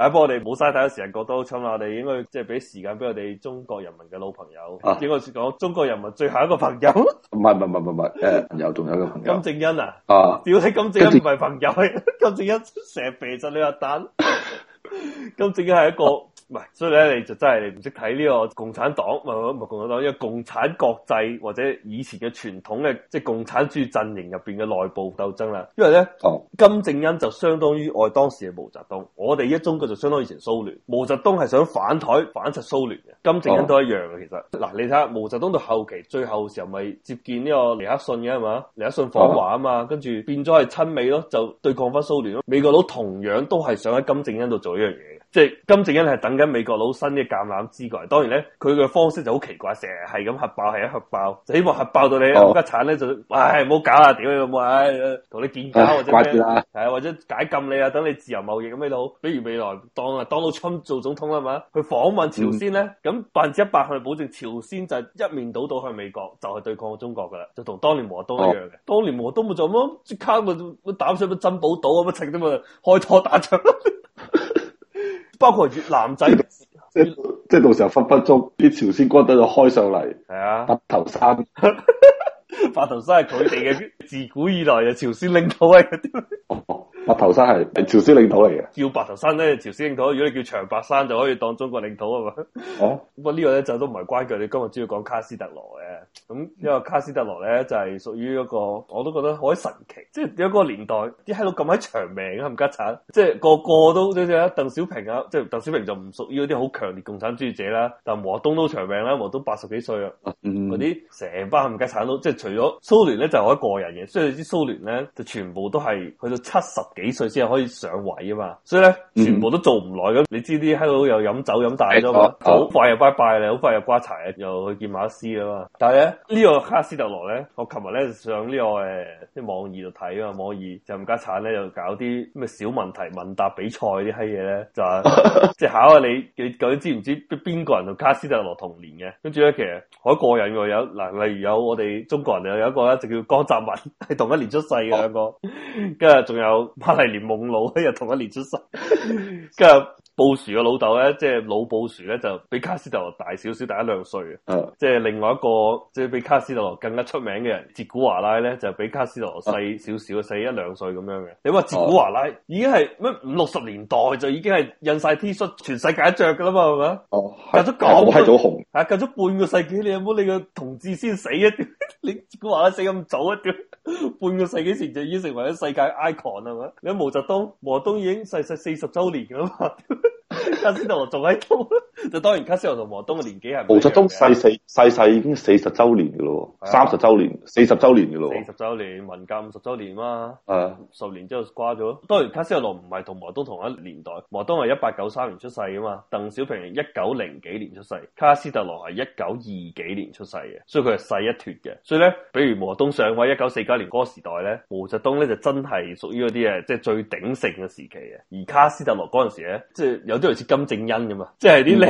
們不過我哋冇嘥太多時間，過多好慘啦。我哋應該即係俾時間俾我哋中國人民嘅老朋友。應該講中國人民最後一個朋友？唔係唔係唔係唔係，誒，有仲，啊、有一個朋友。金正恩啊？啊，屌你，金正恩唔係朋友，啊、金正恩成日鼻塞，你話蛋？是金正恩係一個。 唔係，所以咧你就真係唔識睇呢個共產黨，唔係共產黨，因為共產國際或者以前嘅傳統嘅即係共產主義陣營入邊嘅內部鬥爭啦。因為咧，哦、金正恩就相當於我哋當時嘅毛澤東，我哋一中國就相當於以前蘇聯。毛澤東係想反台反出蘇聯嘅，金正恩都一樣嘅。其實嗱，你睇下毛澤東到後期最後時候，咪接見呢個尼克遜嘅係嘛？尼克遜訪華啊嘛，跟住變咗係親美咯，就對抗翻蘇聯咯。美國佬同樣都係想喺金正恩度做一樣嘢。即係金正恩係等緊美國佬新嘅橄欖枝過嚟，當然咧佢嘅方式就好奇怪，成日係咁核爆，係一核爆，就希望核爆到你我家產咧就，唉唔好搞啦，屌你老味唉，同你建交或者係或者解禁你啊，等你自由貿易咁咩都好，比如未來當啊當到親做總統啦嘛，去訪問朝鮮咧，咁百分之一百去保證朝鮮就一面倒倒去美國，就係對抗中國噶啦，就同當年毛澤東一樣嘅，當年毛澤東咪就咁咯，即刻咪打上乜珍寶島咁啊，剩啲咪開拖打仗。包括越南仔，即即到時候分分鐘啲朝鮮軍隊就開上嚟，係啊，白頭山，白頭山係佢哋嘅，自古以來嘅朝鮮領土啊，白頭山係朝鮮領土嚟嘅，叫白頭山咧，朝鮮領土。如果你叫長白山就可以當中國領土啊嘛，哦、 啊，不過呢個咧就都唔係關鍵，你今日主要講卡斯特羅嘅。咁、嗯、因為卡斯特羅咧就係、是、屬於一個我都覺得好神奇，即係有一個年代啲喺度咁喺長命嘅冚家鏟，即係個個都即係啊鄧小平啊，即係鄧小平就唔屬於嗰啲好強烈共產主義者啦，但毛澤東都長命啦，毛澤東八十幾歲啦，嗰啲成班冚家鏟都即係除咗蘇聯咧就係我一個人嘅，所以啲蘇聯咧就全部都係去到七十幾歲先可以上位啊嘛，所以咧、嗯、全部都做唔耐咁，你知啲喺度又飲酒飲大咗嘛，好、嗯嗯嗯嗯、快又拜拜你好快又、呃呃、瓜柴又去見馬克思嘛。係咧，呢個卡斯特羅咧，我琴日咧上呢、這個誒啲網易度睇啊嘛，網易就唔家鏟咧就搞啲咩小問題問答比賽啲閪嘢咧，就即、是、係考下你，你究竟知唔知邊個人同卡斯特羅同年嘅？跟住咧其實好過癮嘅，有嗱，例如有我哋中國人有有一個咧就叫江澤民，係同一年出世嘅兩個，跟住仲有瑪麗蓮夢露又同一年出世，跟住。布殊嘅老豆咧，即係老布殊咧，就比卡斯特羅大少少，大一兩歲嘅。嗯、即係另外一個，即係比卡斯特羅更加出名嘅人，捷古華拉咧，就比卡斯特羅細少少，細一兩歲咁樣嘅。嗯、你話捷古華拉已經係咩五六十年代就已經係印晒 T 恤，全世界着噶啦嘛，係咪、哦、啊？哦，係都咁係咗紅，係隔咗半個世紀，你有冇你個同志先死啊？ 你捷古華拉，拉死咁早啊？ 半個世紀前就已經成為咗世界 icon 啦，係咪？你睇毛澤東，毛澤東已經逝世四十周年噶啦嘛，卡斯特羅仲喺度。 就當然卡斯特羅同毛東嘅年紀係，毛澤東逝世逝世已經四十週年嘅咯，三十週年、四十週年嘅咯，四十週年、文革五十週年啦，啊，十年之後瓜咗。當然卡斯特羅唔係同毛東同一年代，毛東係一八九三年出世啊嘛，鄧小平一九零幾年出世，卡斯特羅係一九二幾年出世嘅，所以佢係細一脫嘅。所以咧，比如毛東上位一九四九年嗰個時代咧，毛澤東咧就真係屬於嗰啲誒，即係最鼎盛嘅時期啊。而卡斯特羅嗰陣時咧，即係有啲類似金正恩咁嘛，即係啲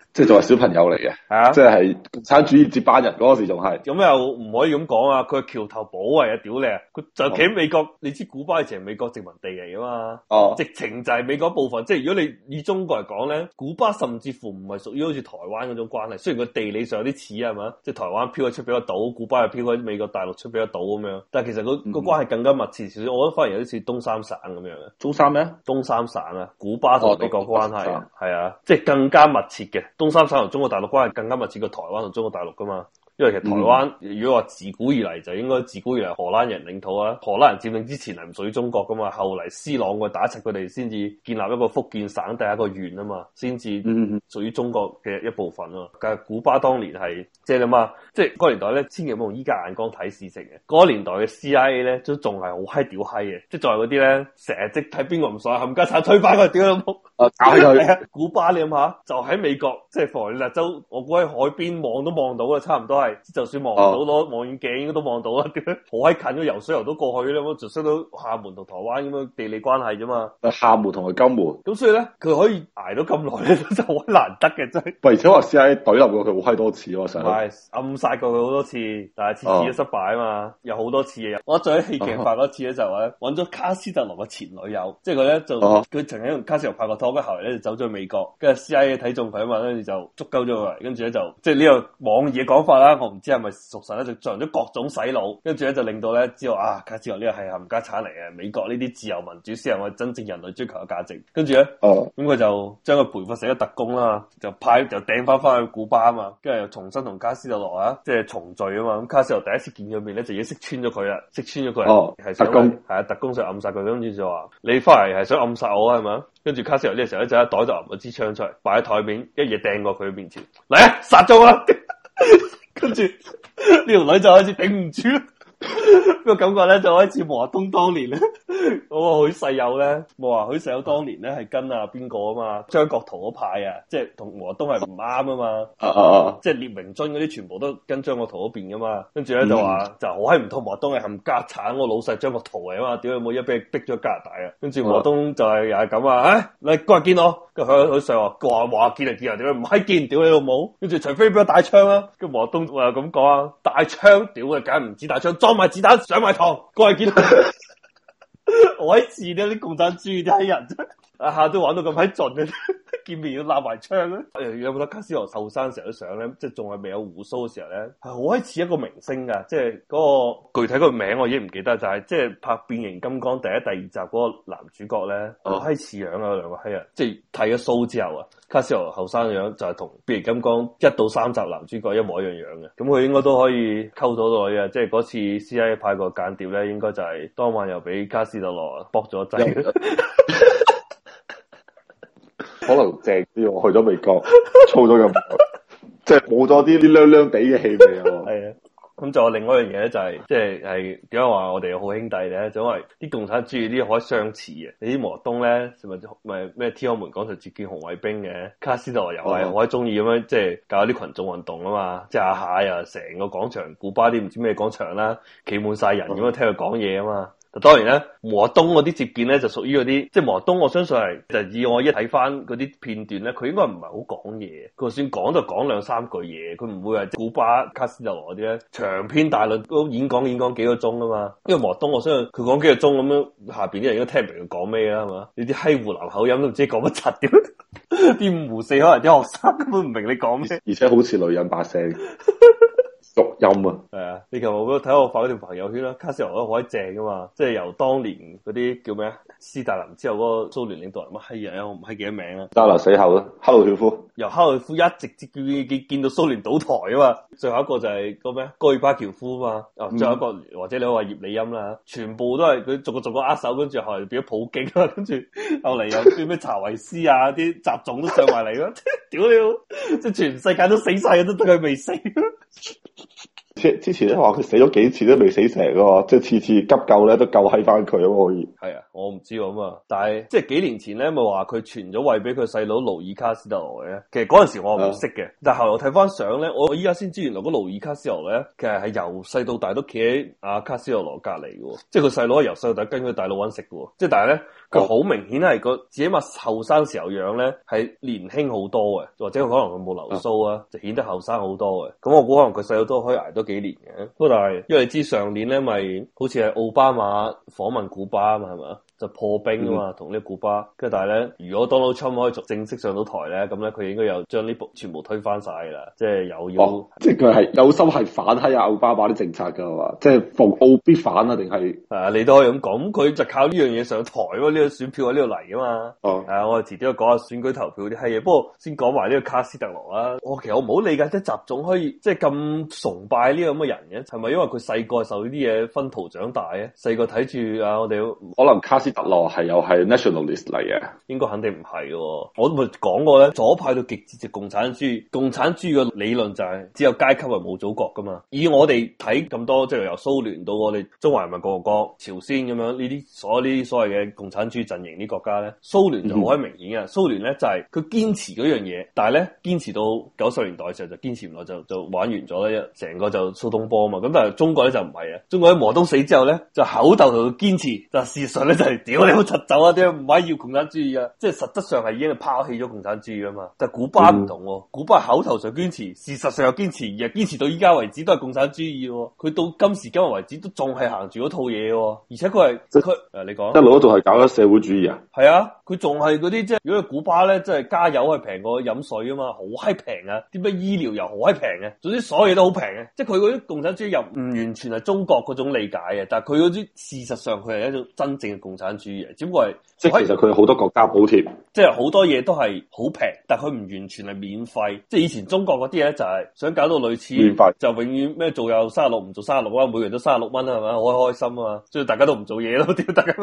即係作為小朋友嚟嘅，啊！即係產主義接班人嗰時仲係，咁又唔可以咁講啊！佢橋頭堡嚟啊，屌你啊！佢就企喺美國，哦、你知古巴以前美國殖民地嚟啊嘛，哦！直情就係美國部分。即係如果你以中國嚟講咧，古巴甚至乎唔係屬於好似台灣嗰種關係。雖然佢地理上有啲似啊嘛，即係台灣漂咗出比較島，古巴又漂咗美國大陸出比較島咁樣，但係其實個個關係更加密切。少少、嗯、我覺得反而有啲似東三省咁樣嘅。東三咩？東三省啊！古巴同美國關係係、哦、啊，即係更加密切嘅。東三省同中國大陸關係更加密切過台灣同中國大陸噶嘛？因為其實台灣、嗯、如果話自古以嚟就應該自古以嚟荷蘭人領土啊，荷蘭人佔領之前係唔屬於中國噶嘛？後嚟斯朗佢打拆佢哋先至建立一個福建省第一個縣啊嘛，先至屬於中國嘅一部分咯。但係、嗯、古巴當年係即係啦嘛，即係嗰年代咧，千祈唔好用依家眼光睇事情嘅。嗰年代嘅 CIA 咧都仲係好閪屌閪嘅，即係再嗰啲咧，成日即睇邊個唔爽，冚家鏟推翻佢屌你 古巴你諗下，就喺美國即係、就是、佛羅里達州，我估喺海邊望都望到啦，差唔多係。就算望唔到，攞望遠鏡，應該都望到啦。好 閪近，咗游水游到過去咧，咁就似到廈門同台灣咁嘅地理關係啫嘛。廈門同埋金門。咁所以咧，佢可以捱到咁耐咧，真係好難得嘅，真係。唔係，而且話 CIA 軍立過佢好閪多次喎，成日。唔係，暗殺過佢好多次，但係次次都失敗啊嘛。啊有好多次嘅，我最戲劇化嗰次咧就係揾咗卡斯特羅嘅前女友，即係佢咧就佢曾經同卡斯特羅拍過拖。咁後嚟咧就走咗去美國，跟住 CIA 睇中佢啊嘛，跟住就捉鳩咗佢，跟住咧就即係呢個網頁講法啦。我唔知係咪熟神咧，就做咗各種洗腦，跟住咧就令到咧知道啊卡斯洛呢個係冚家產嚟嘅，美國呢啲自由民主先係我真正人類追求嘅價值。跟住咧哦，咁佢就將佢培訓成個特工啦，就派就掟翻翻去古巴啊嘛，跟住又重新同卡斯特羅啊，即係重聚啊嘛。咁卡斯洛第一次見佢面咧，就已經識穿咗佢啊，識穿咗佢係特工，係啊特工想暗殺佢，跟住就話你翻嚟係想暗殺我啊，係咪？跟住卡斯特羅呢個時候咧，就一,一袋就攞支槍出嚟，擺喺台面，一嘢掟過佢面前，嚟啊，殺咗我啦！跟住呢條女就開始頂唔住， 個感覺咧就開始磨東當年啦。我佢世友咧，哇！佢世友當年咧係跟啊邊個啊嘛，張國燾嗰派啊，即係同毛澤東係唔啱啊嘛，啊啊啊即係聶明津嗰啲全部都跟張國燾嗰邊噶嘛，跟住咧就話，嗯、就好閪唔通毛澤東冚家產，我老細張國燾嚟啊嘛，屌你老母一俾逼咗加拿大啊！跟住毛澤東就係又係咁啊，唉，啊，你過嚟見我，佢佢細話話話見嚟見人，屌你唔閪見，屌你老母，跟住除非俾我大槍啊，跟住毛澤東就咁講啊，大槍，屌佢，梗唔止大槍，裝埋子彈上埋膛。」過嚟見。 我喺治啲啲共產主義啲人， 啊下都玩到咁閪盡嘅。 見面要立埋槍咧，哎、有冇得卡斯羅後生時候嘅相咧？即係仲係未有鬍鬚嘅時候咧，係好閪似一個明星噶，即係嗰個具體個名我依家唔記得，就係即係拍《變形金剛》第一、第二集嗰個男主角咧，好閪似樣啊！兩個閪啊。即係剃咗鬚之後啊，卡斯羅後生嘅樣就係同《變形金剛》一到三集男主角一模一樣樣嘅，咁佢應該都可以溝到女啊！即係嗰次 CIA 派個間諜咧，應該就係當晚又俾卡斯特羅搏咗劑。 可能正啲，我去咗美國，操咗咁，即係冇咗啲啲娘娘地嘅氣味啊！係啊， 咁仲有另外一樣嘢咧，就係即係係點解話我哋好兄弟咧？就因為啲共產主義啲好相似啊！你啲毛澤東咧，咪咪咩天安門廣場接見紅衛兵嘅，卡斯特羅又係好中意咁樣，即係搞啲群眾運動啊嘛！即係下下又成個廣場，古巴啲唔知咩廣場啦，企滿晒人咁樣 聽佢講嘢啊嘛！就當然啦，毛阿東嗰啲接見咧就屬於嗰啲，即係毛阿東我相信係，就是、以我一睇翻嗰啲片段咧，佢應該唔係好講嘢。佢就算講就係講兩三句嘢，佢唔會係古巴卡斯特羅嗰啲咧長篇大論都演講演講幾個鐘啊嘛。因為毛阿東我相信佢講幾個鐘咁樣，下邊啲人應該聽唔明佢講咩啦嘛。你啲閪湖南口音都唔知講乜柒點，啲 五湖四海啲學生根本唔明你講咩。而且 好似女人把聲。 讀音啊，係啊，你琴日我睇我發嗰條朋友圈啦，卡斯特羅都好鬼正噶嘛，即係由當年嗰啲叫咩啊，斯大林之後嗰個蘇聯領導人，乜閪人啊，我唔係記得名啊，加拉死後啊，赫魯曉夫，由赫魯曉夫一直至見見到蘇聯倒台啊嘛，最後一個就係個咩戈爾巴喬夫啊嘛，哦，仲有一個、嗯、或者你可以話葉利欽啦，全部都係佢逐個逐個握手，跟住後嚟變咗普京啊，跟住後嚟又叫咩查韋斯啊，啲雜種都上埋嚟咯，屌你，即係全世界都死晒，都得佢未死。之之前咧話佢死咗幾次都未死成咯，即係次次急救咧都救係翻佢可以。係啊，我唔知咁啊，但係即係幾年前咧咪話佢傳咗位俾佢細佬勞爾卡斯德羅嘅，其實嗰陣時我唔識嘅，啊、但係後來我睇翻相咧，我依家先知原來嗰勞爾卡斯德羅咧，其實係由細到大都企喺阿卡斯德羅隔籬嘅，即係佢細佬係由細到大跟佢大佬揾食嘅，即係但係咧。佢好、哦、明顯係個，自起碼後生時候樣咧係年輕好多嘅，或者佢可能佢冇留須啊，就顯得後生好多嘅。咁我估可能佢細佬都可以捱多幾年嘅。不過但係，因為你知上年咧咪好似係奧巴馬訪問古巴啊嘛，係嘛？就破冰啊嘛，同呢個古巴。跟住但係咧，如果 Donald Trump 可以逐正式上到台咧，咁咧佢應該又將呢部全部推翻晒噶啦，即係有用。哦、是即係佢係有心係反閪阿奧巴馬啲政策噶嘛，即係逢奧必反啊，定係？誒、啊，你都可以咁講。佢、嗯、就靠呢樣嘢上台喎，呢、這個選票喺呢度嚟啊嘛。哦，係啊，我哋遲啲會講下選舉投票啲係嘢。不過先講埋呢個卡斯特羅啦。我、哦、其實我唔好理解即係習總可以即係咁崇拜呢個咁嘅人嘅，係咪因為佢細個受呢啲嘢薰陶長大嘅？細個睇住啊，我哋可能卡斯。特羅係又係 nationalist 嚟嘅，應該肯定唔係喎。我咪講過咧，左派到極致就共產主義。共產主義嘅理論就係只有階級啊，冇祖國噶嘛。以我哋睇咁多，即係由蘇聯到我哋中華人民共和國、朝鮮咁樣呢啲所有呢啲所謂嘅共產主義陣營啲國家咧，蘇聯就好明顯嘅。嗯、蘇聯咧就係佢堅持嗰樣嘢，但係咧堅持到九十年代嘅時候就堅持唔落，就就玩完咗啦。成個就蘇東波啊嘛。咁但係中國咧就唔係啊。中國喺毛東死之後咧，就口頭度堅持，但事實咧就是、～屌你，好執走啊！點解唔係要共產主義啊，即係實質上係已經係拋棄咗共產主義啊嘛。但古巴唔同，啊、嗯、古巴口頭上堅持，事實上又堅持，而係堅持到依家為止都係共產主義，啊。佢到今時今日為止都仲係行住嗰套嘢，啊，而且佢係即係佢誒，你講一路都仲係搞咗社會主義啊？係啊。佢仲係嗰啲即係，如果古巴咧，即係加油係平過飲水啊嘛，好閪平啊！點解醫療又好閪平啊，總之所有嘢都好平啊。即係佢嗰啲共產主義又唔完全係中國嗰種理解嘅，但係佢嗰啲事實上佢係一種真正嘅共產主義嚟，只不過係即係是其實佢好多國家補貼，即係好多嘢都係好平，但佢唔完全係免費。即係以前中國嗰啲咧就係想搞到類似費就永遠咩做有三十六唔做三十六啊，每個人都三十六蚊啊，係咪？好開心啊嘛，即係大家都唔做嘢咯。點解大家？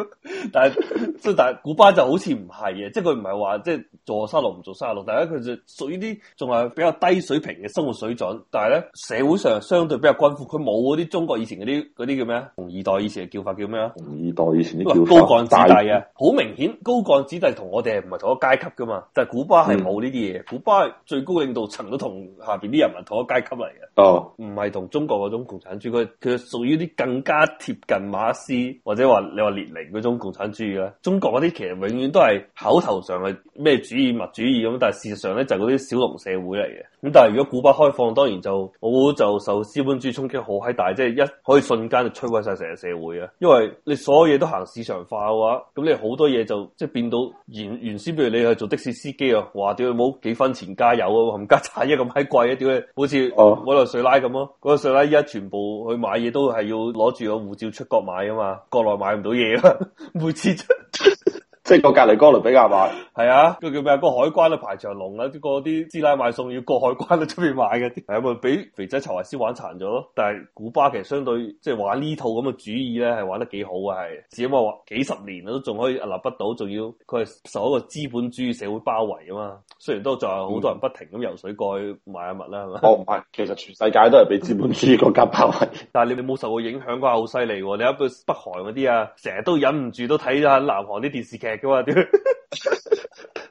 但係即係但係古巴就好似。唔係嘅，即係佢唔係話即係做沙六唔做沙六，但係佢就屬於啲仲係比較低水平嘅生活水準，但係咧社會上相對比較均富，佢冇嗰啲中國以前嗰啲嗰啲叫咩啊？紅二代以前嘅叫法叫咩啊？紅二代以前啲叫高幹子弟啊，好但明顯高幹子弟同我哋係唔係同一階級噶嘛？但、就、係、是、古巴係冇呢啲嘢，嗯、古巴最高領導層都同下邊啲人民同一階級嚟嘅。哦，唔係同中國嗰種共產主義，佢佢屬於啲更加貼近馬斯或者話你話列寧嗰種共產主義啦。中國嗰啲其實永遠都係。係口頭上係咩主義物主義咁，但係事實上咧就嗰啲小農社會嚟嘅。咁但係如果古巴開放，當然就我就受資本主義衝擊好閪大，即係一可以瞬間就摧毀晒成個社會啊！因為你所有嘢都行市場化嘅話，咁你好多嘢就即係變到原原先，譬如你去做的士司機啊，哇屌你冇幾分錢加油加錢啊，冚家產一咁閪貴啊，屌你好似我嚟瑞拉咁咯，嗰個瑞拉而家全部去買嘢都係要攞住個護照出國買啊嘛，國內買唔到嘢啊，每次。 即係個隔離哥倫比亞慢，係啊，個叫咩啊？個海關啊，排長龍啊！啲個啲師奶買餸要過海關喺出面買嘅，係咪俾肥仔曹維先玩殘咗咯？但係古巴其實相對即係玩呢套咁嘅主意咧，係玩得幾好啊。係，只不過話幾十年啊，都仲可以屹立不倒，仲要佢係受一個資本主義社會包圍啊嘛。雖然都仲有好多人不停咁游水過去買物啦，係嘛、嗯？嗎哦唔係，其實全世界都係俾資本主義國家包圍， 但係你哋冇受過影響嘅話，好犀利喎！你睇北韓嗰啲啊，成日都忍唔住都睇下南韓啲電視劇。佢話屌，係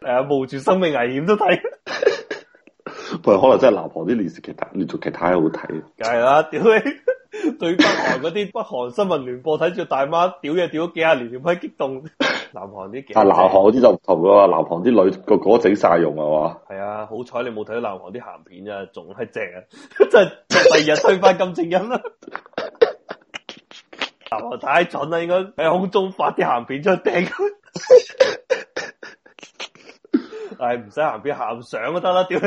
啊、 哎，冒住生命危險都睇，唔可能真係南韓啲電視劇、連續劇太好睇。梗係啦，屌你，對北韓嗰啲北韓新聞聯播睇住大媽屌嘢，屌咗幾廿年，點可以激動？南韓啲劇，啊南韓啲就唔同㗎，南韓啲女個個整晒容係嘛？係 啊，好彩你冇睇到南韓啲鹹片啊，仲係正，啊，真係第二日推翻金正恩啦。南 韓太蠢啦，應該喺空中發啲鹹片出去掟佢。唉，唔使行邊喊上都得啦，屌！